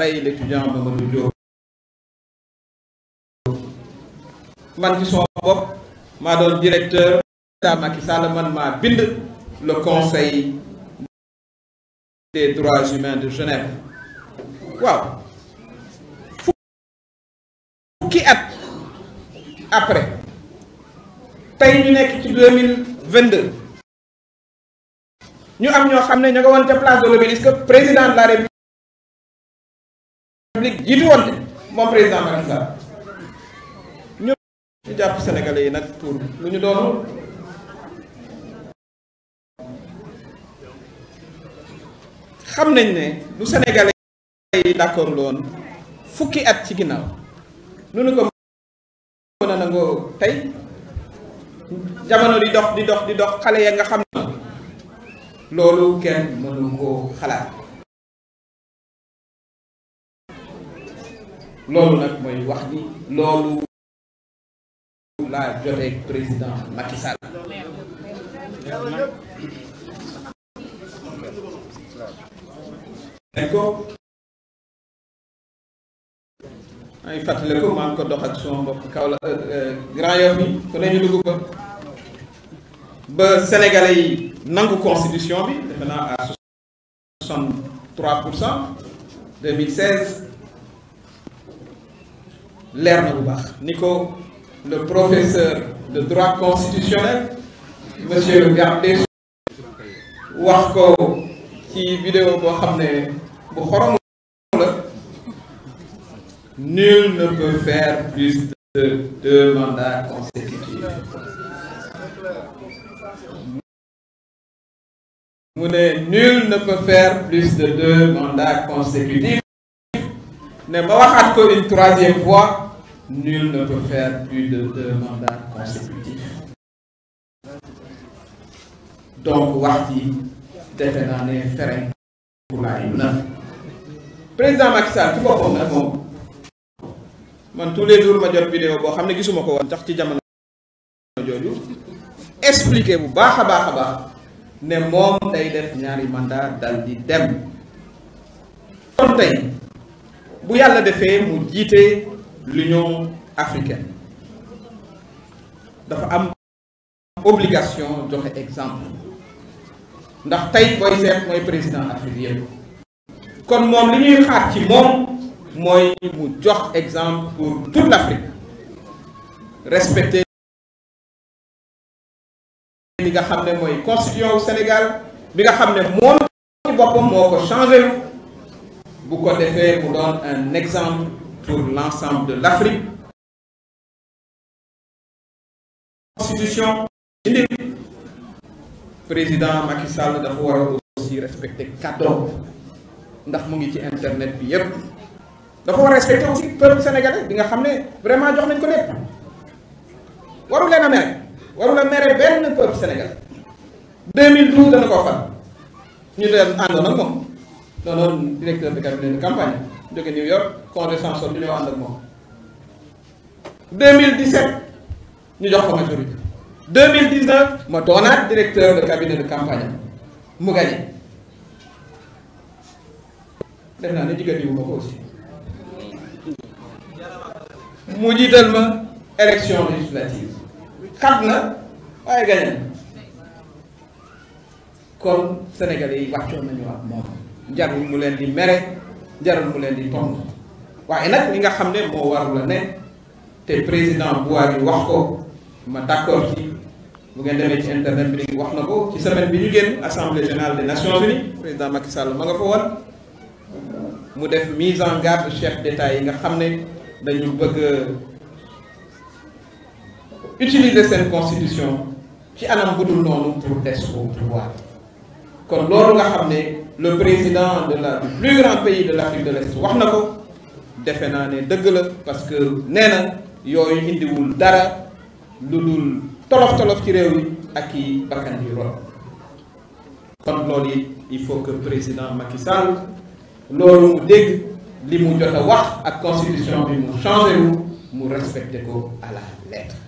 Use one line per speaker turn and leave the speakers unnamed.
rey l'étudiant Mamadou Diop man ci sama bopp ma doon directeur da Macky Sall man maa bind le conseil des droits humains de Genève waaw fukki at après tey ñu nekk ci deux mille vingt deux ñu am ñoo xam ne ñu nga woon ca place de l'Obélisque président la République république jiitu woon de moom président Macky Sall ñoom jàpp sénégalais yi nag pour lu ñu doon xam nañ ne lu sénégalais yi d'accord loon fukki at ci ginnaaw lu nu ko mën a nangoo tey jamono di dox di dox di dox xale ya nga xam ne loolu kenn mënu koo xalaat loolu nag mooy wax ji loolu laa jotee président Macky Sall ko ay ko maa ngi ko dox ak suma mbokk kaw la euh, Grand Yoff bi ku ne ñu dugg ba ba sénégalais yi nangu constitution bi defe naa à soixante trois pour cent leer na bu baax ni ko le professeur de droit constitutionnel monsieur le wax ko ci vidéo boo xam ne bu xorom la nul ne peut faire plus de deux mandats consécutifs ne ma waxaat ko une troisième fois nul ne peut faire plus de deux mandats donc wax ji defe naa ne fere pour la yu na président Macky ci boppam nag moom man tous les jours ma jot vidéo boo xam ne gisuma ko woon tax ci jamono jooju expliquer bu baax a baax a baax ne moom day def ñaari mandat dal di dem kon tey bu yàlla defee mu jiite l'union africaine dafa am obligation joxe exemple ndax tey booy mooy président Afrique yëpp kon moom li ñuy xaar ci moom mooy mu jox exemple pour toute l'Afrique respecter li nga xam ne mooy constitution Sénégal bi nga xam ne moom ci moo ko changé bu ko defee mu doon un exemple pour l'ensemble de l'Afrique constitution indi président Macky Sall dafa war a aussi respecter kàddoom ndax mu ngi ci internet bi yépp dafa war a aussi peuple sénégalais bi nga xam ne vraiment jox nañ ko lépp waru leen a mere waru la mere benn peuple sénégalais 2012 dana ko fal ñu dem àndoon ak moom doonoon directeur de cabinet de campagne jóge New York congrès Sansone ñu ñëw ànd ak moom 2017 ñu jox ko majorité 2019 ma doonaat directeur de cabinet de campagne mu gagné def naa ne jigéen ñi ma ko aussi mu jiital ma élection législative xat na waaye gagné kon sénégalais yi wàccoon nañu ak moom. jarul mu leen di mere jarul mu leen di tontu waaye nag li nga xam ne moo waral la ne te président bu Buhari wax ko ma d'accord ci bu ngeen demee ci internet bi léegi wax na ko ci semaine bi ñu génn assemblée générale des nations unies président Macky Sall ma nga fa woon mu def mise en garde chef d'État yi nga xam ne dañu bëgg utiliser seen constitution ci anam bu dul noonu pour des au pouvoir kon loolu nga xam ne le président de la du plus grand pays de l'Afrique de l'Est wax na ko defe naa ne dëgg la parce que nee na yooyu indiwul dara lu dul tolof tolof ci réew yi ak i bakkan yi rot kon loolu yi il faut que président Macky Sall loolu mu dégg li mu jot a wax ak constitution bi mu changé wu mu respecté ko à la lettre